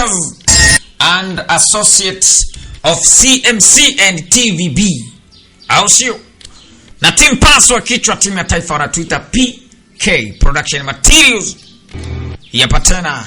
directors and associates of CMC and TVB, au sio? Na Tim Pass wa kichwa timu ya taifa wanatuita PK Production Materials yapa tena,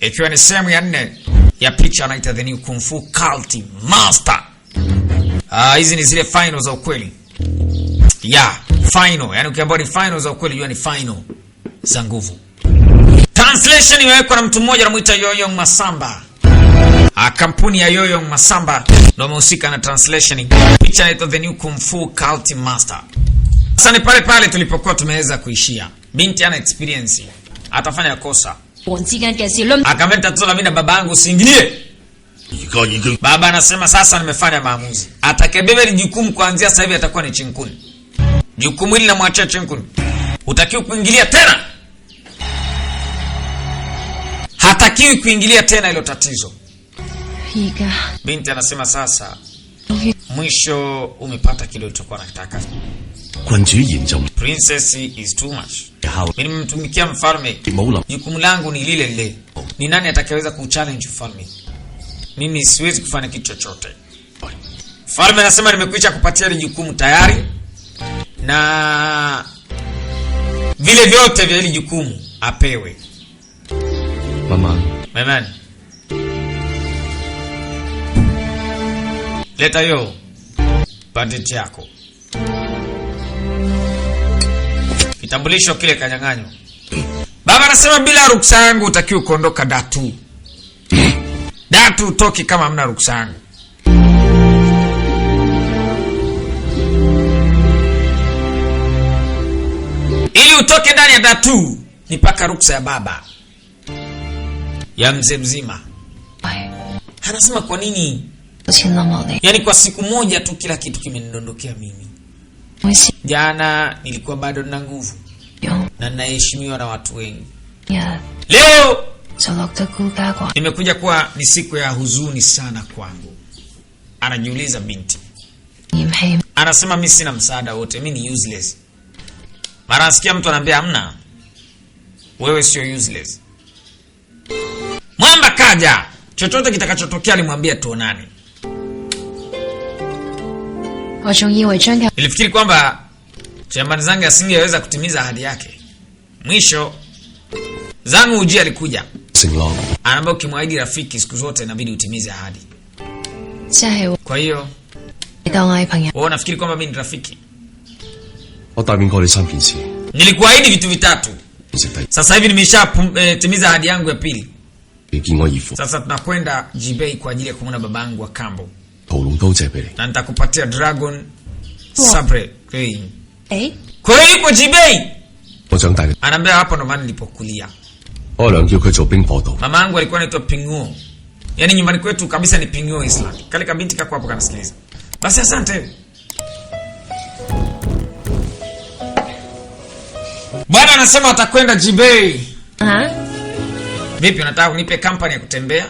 ikiwa ni sehemu ya nne ya picha anaita the new Kung Fu Cult Master. Ah, hizi ni zile final za ukweli ya yeah, final, yani ukiambiwa ni final za ukweli jua ni final za nguvu. Translation imewekwa na mtu mmoja anamuita Yoyong Masamba. A ah, kampuni ya Yoyong Masamba ndio amehusika na translation. Picha inaitwa The New Kung Fu Cult Master. Sasa ni pale pale tulipokuwa tumeweza kuishia. Binti ana experience. Atafanya kosa. Akamwambia tatizo la mimi na babangu usiingilie. Baba anasema sasa nimefanya maamuzi. Atakayebeba ile jukumu kuanzia sasa hivi atakuwa ni Chinkuni. Jukumu hili namwachia Chinkuni. Utakiwa kuingilia tena. hatakiwi kuingilia tena hilo tatizo. Binti anasema sasa, mwisho umepata kile ulichokuwa unataka. Princess is too much. Mimi Nimemtumikia mfalme, jukumu langu ni lile lile. Ni nani atakayeweza kuchallenge mfalme? Mimi siwezi kufanya kitu chochote. Mfalme anasema nimekwisha kupatia ile jukumu tayari, na vile vyote vya ile jukumu apewe mama. Maimani. Leta hiyo patenti yako. Kitambulisho kile kanyang'anyo. Baba anasema bila ruksa yangu utaki kuondoka Datu. Datu utoki kama mna ruksa yangu. Ili utoke ndani ya Datu ni paka ruksa ya baba ya mzee mzima. Anasema kwa nini? Yaani kwa siku moja tu kila kitu kimenidondokea mimi. Jana nilikuwa bado nina nguvu na ninaheshimiwa na watu wengi. Leo nimekuja kuwa ni siku ya huzuni sana kwangu. Anajiuliza binti. Anasema mi sina msaada wote, mi ni useless. Mara nasikia mtu anaambia amna, wewe sio useless. Mwamba kaja, chochote kitakachotokea nimwambie, tuonane. Nilifikiri kwamba Chamani Zange asingeweza kutimiza ahadi yake. Mwisho Zangu Uji alikuja, anaambia ukimwahidi rafiki siku zote inabidi utimize ahadi. Kwa hiyo wewe unafikiri kwamba mimi ni rafiki? Nilikuahidi vitu vitatu, sasa hivi nimeshatimiza eh, ahadi yangu ya pili. Sasa tunakwenda Jibei kwa ajili ya kumwona babangu wa kambo na nitakupatia dragon sabre. Kwa hiyo eh? ipo Jibei, anaambia hapo ndo maana nilipokulia. Mama yangu alikuwa anaitwa Pinguo, yaani nyumbani kwetu kabisa ni Pinguo Island. Kale kabinti kako hapo kanasikiliza. Basi asante. Bwana anasema atakwenda Jibei. Aha. Uh -huh. Vipi, unataka kunipe kampani ya kutembea?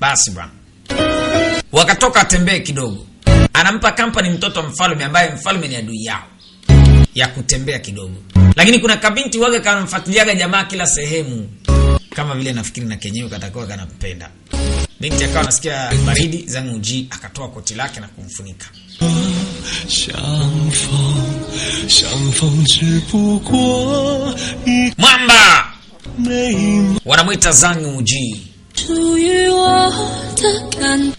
Basi bwana. Wakatoka atembee kidogo, anampa kampani mtoto wa mfalme ambaye mfalme ni adui yao, ya kutembea kidogo. Lakini kuna kabinti waga kanamfuatiliaga jamaa kila sehemu, kama vile nafikiri na kenyewe katakuwa kanampenda binti. Akawa anasikia baridi Zangwijiu akatoa koti lake na kumfunika mwamba wanamwita zangu uji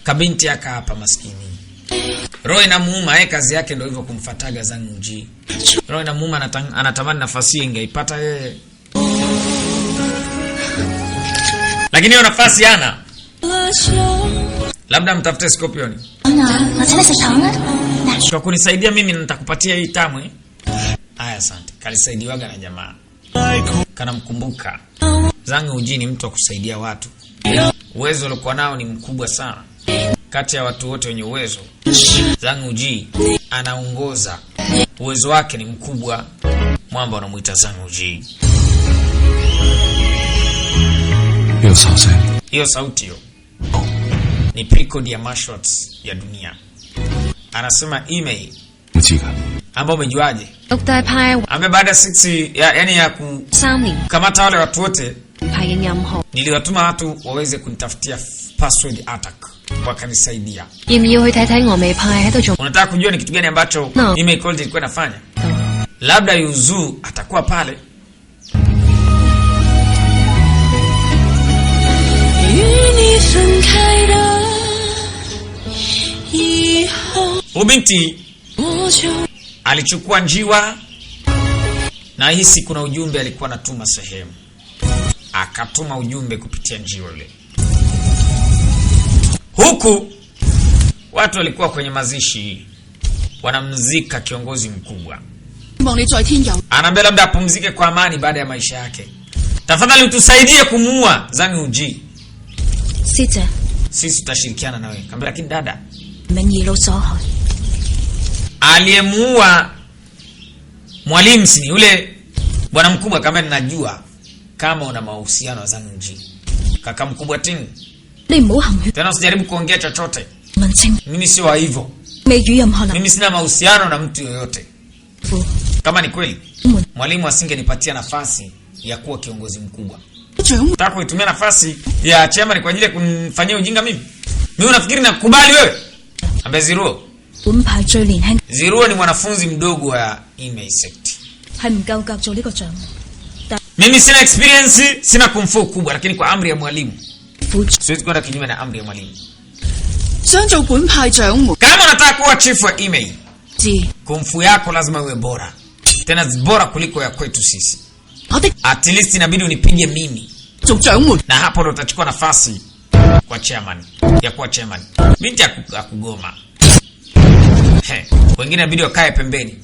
Kabinti aka hapa maskini, roho inamuuma yeye, kazi yake ndio hivyo kumfataga Zhang Muji. Roho inamuuma, anatamani nafasi ingeipata yeye, lakini hiyo nafasi hana. Labda mtafute Scorpion kwa kunisaidia mimi, nitakupatia hii tamwe. Haya, asante. Kalisaidiwaga na jamaa kanamkumbuka. Zangu uji ni mtu wa kusaidia watu, uwezo uliokuwa nao ni mkubwa sana. Kati ya watu wote wenye uwezo, Zangu uji anaongoza, uwezo wake ni mkubwa. Mwamba wanamuita Zangu uji. Hiyo sauti hiyo ni pre-code ya mashots ya dunia. Anasema email ambayo umejuaje? Dr. Pai ame baada sisi ya, yani ya ku Sami. Kamata wale watu wote, niliwatuma watu waweze kunitafutia password attack wakanisaidia. Yemiyo ngo hato Unataka kujua ni kitu gani ambacho no. email cold ilikuwa nafanya. no. Labda Yuzu atakuwa pale ubinti alichukua njiwa na hisi kuna ujumbe alikuwa anatuma sehemu, akatuma ujumbe kupitia njiwa ile, huku watu walikuwa kwenye mazishi wanamzika kiongozi mkubwa. Anaambia labda apumzike kwa amani baada ya maisha yake. Tafadhali utusaidie kumuua Zhang Huji, sisi tutashirikiana nawe. Kaambia lakini dada aliyemuua mwalimu si ni yule bwana mkubwa, kama ninajua kama una mahusiano za nje, kaka mkubwa Ting. Tena usijaribu kuongea chochote, mimi sio wa hivyo, mimi sina mahusiano na mtu yoyote. Kama ni kweli mwalimu asingenipatia nafasi ya kuwa kiongozi mkubwa, nataka kuitumia nafasi ya chairman kwa ajili ya kunifanyia ujinga mimi. Mimi unafikiri nakubali wewe? ambezi Ambeziruo Zirua ni mwanafunzi mdogo wa insect. Mimi sina experience, sina kumfu kubwa, lakini kwa amri ya mwalimu siwezi kwenda kinyume na amri ya mwalimu. Kama unataka kuwa chifu wa email, kumfu yako lazima uwe bora, tena bora kuliko ya kwetu sisi. At least inabidi unipige mimi, na hapo ndo utachukua nafasi kwa chairman ya kuwa chairman. Binti akugoma He, wengine inabidi wakae pembeni,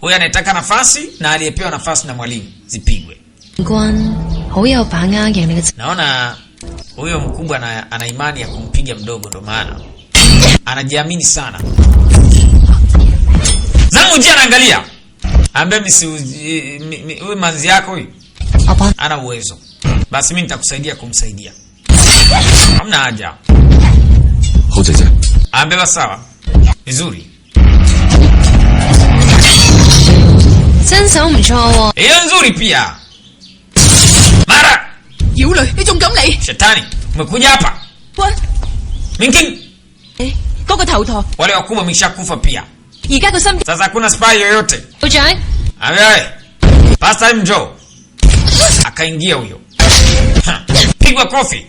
huyo anayetaka nafasi na aliyepewa nafasi na mwalimu zipigwe. Naona huyo mkubwa ana, ana imani ya kumpiga mdogo, ndo maana anajiamini sana. Zamujia anaangalia ambe misi huyu manzi yako huyu ana uwezo basi, mi nitakusaidia kumsaidia, hamna haja ambe sawa Vizuri. Hiyo nzuri pia. Mara. Shetani, umekuja hapa. Eh, Wale wakubwa wameshakufa pia. Ika Sasa kuna spy yoyote. Ujai. Pasta Mjo. Akaingia huyo. Pigwa kofi.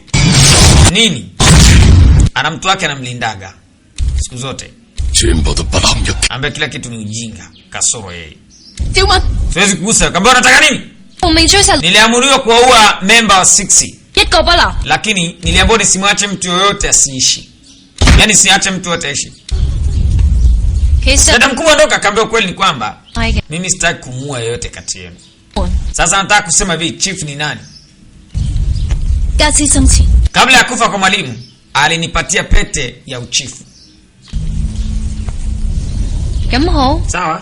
Nini? Ana mtu wake anamlindaga siku zote. Ambe kila kitu ni ujinga kasoro yeye. Siwezi kugusa kamba, unataka nini? Oh, Niliamuriwa kuua member wa 6 lakini niliambiwa nisimwache mtu yoyote asiishi, yaani siache mtu ataishi. Dada mkubwa ndoka kaambia kweli ni kwamba mimi sitaki kumua yoyote kati yenu. Sasa nataka kusema hivi, chief ni nani? Kabla ya kufa kwa mwalimu alinipatia pete ya uchifu 咁好 sawa.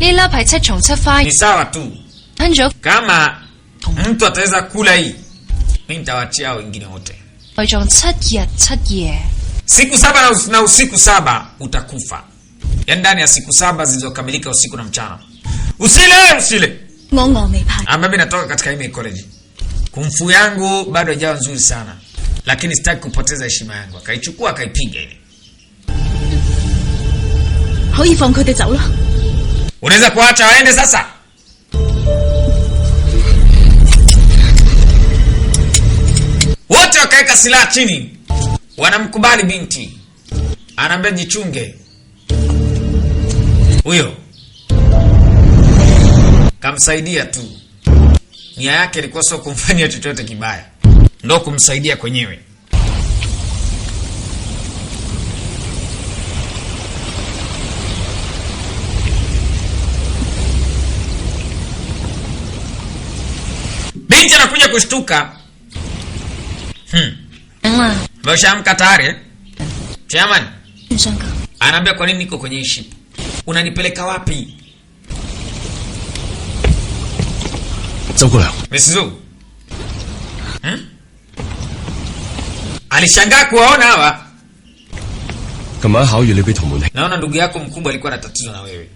Ni sawa tu mtu ataweza kula hii, mimi nitawachia wengine wote. ya ya. Siku saba na usiku saba utakufa, ndani ya siku saba zilizokamilika usiku na mchana. Usile usile. Ambaye binatoka katika ime college. Kumfu yangu bado hajawa nzuri sana, lakini sitaki kupoteza heshima yangu. Akaichukua akaipiga ile 可以放佢哋走啦。Unaweza kuacha waende sasa? Wote wakaweka silaha chini, wanamkubali binti, anaambia jichunge huyo, kamsaidia tu. Nia yake ilikuwa sio kumfanyia chochote kibaya, ndo kumsaidia kwenyewe. ya kushtuka hmm. Meshamka tayari chairman, anaambia kwa nini niko kwenye ship? Unanipeleka wapi? Hmm? Alishangaa kuwaona hawa. Naona ndugu yako mkubwa alikuwa na tatizo na wewe,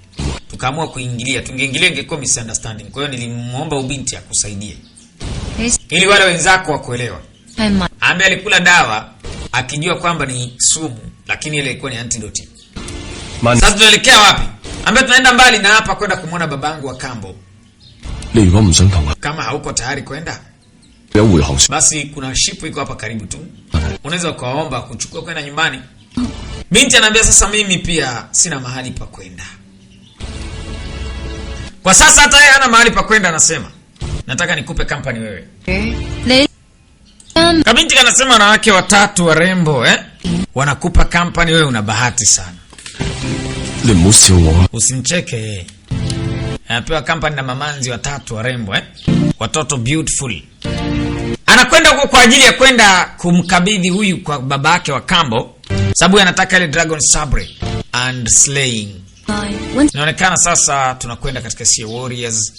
tukaamua kuingilia. Tungeingilia ingekuwa misunderstanding. Kwa hiyo nilimwomba ubinti akusaidie ili wale wenzako wakuelewa. Ambe alikula dawa akijua kwamba ni sumu, lakini ile ilikuwa ni antidote. Sasa tunaelekea wapi? Ambe tunaenda mbali na hapa kwenda kumwona babangu wa kambo. Kama hauko tayari kwenda basi kuna shipu iko hapa karibu tu, unaweza ukaomba kuchukua kwenda nyumbani. Binti anaambia sasa, mimi pia sina mahali pa kwenda kwa sasa, hata yeye hana mahali pa kwenda, anasema nataka nikupe company wewe. okay. Kabinti kanasema wanawake watatu warembo eh? Wanakupa company wewe, una bahati sana. Usincheke. Eh. Anapewa company na mamanzi watatu warembo eh? Watoto beautiful. Anakwenda huko kwa ajili ya kwenda kumkabidhi huyu kwa babake wa kambo, sababu anataka ile dragon sabre and slaying Inaonekana sasa tunakwenda katika Sea Warriors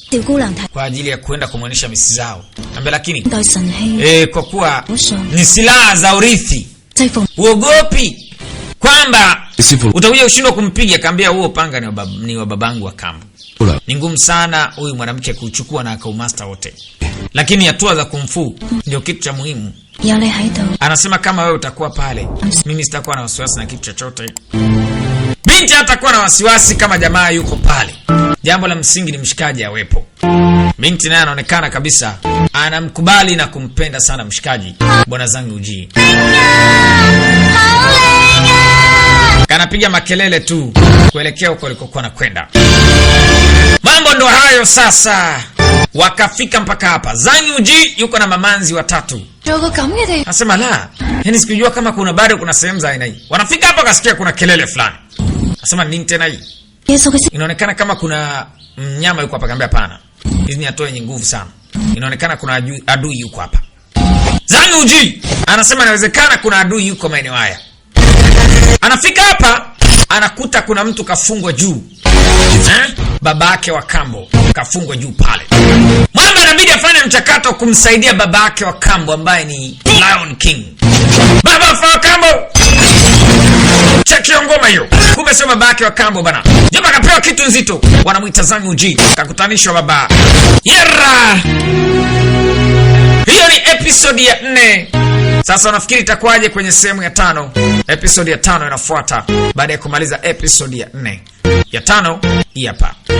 kwa ajili ya kwenda kumwonyesha misi zao ambe, lakini e, kwa kuwa ni silaha za urithi, uogopi kwamba utakuja kushindwa kumpiga. Akaambia huo panga ni wa babangu wa kambo, ni ngumu sana huyu mwanamke kuchukua na akaumasta wote, lakini hatua za kumfu ndio kitu cha muhimu. Anasema kama wewe utakuwa pale, mimi sitakuwa na wasiwasi na kitu chochote. Binti hatakuwa na wasiwasi kama jamaa yuko pale. Jambo la msingi ni mshikaji awepo. Binti naye anaonekana kabisa anamkubali na kumpenda sana mshikaji bwana zangu uji Kanapiga makelele tu kuelekea huko alikokuwa nakwenda. Mambo ndo hayo sasa. Wakafika mpaka hapa. Zangi Uji yuko na mamanzi watatu. Anasema la, yani sikujua kama kuna bado kuna sehemu za aina hii. Wanafika hapa, kasikia kuna kelele fulani. Asema nini tena hii? Yes, okay. Inaonekana kama kuna mnyama yuko hapa, kaambia pana. Hizi ni atoe yenye nguvu sana. Inaonekana kuna adui yuko hapa. Zangu uji. Anasema inawezekana kuna adui yuko maeneo haya. Anafika hapa, anakuta kuna mtu kafungwa juu. Eh? yake wa kambo kafungwa juu pale. Mwamba anabidi afanye mchakato kumsaidia baba yake wa kambo ambaye ni Lion King. Baba wa kambo Cheki ngoma hiyo. Kumbe sio baba yake wa kambo bana. Jamaa akapewa kitu nzito. Wanamwita Zangu Kakutanishwa baba. Yera. Hiyo ni episode ya nne. Sasa unafikiri itakuwaje kwenye sehemu ya tano? Episode ya tano inafuata baada ya kumaliza episode ya nne. Ya tano hii hapa.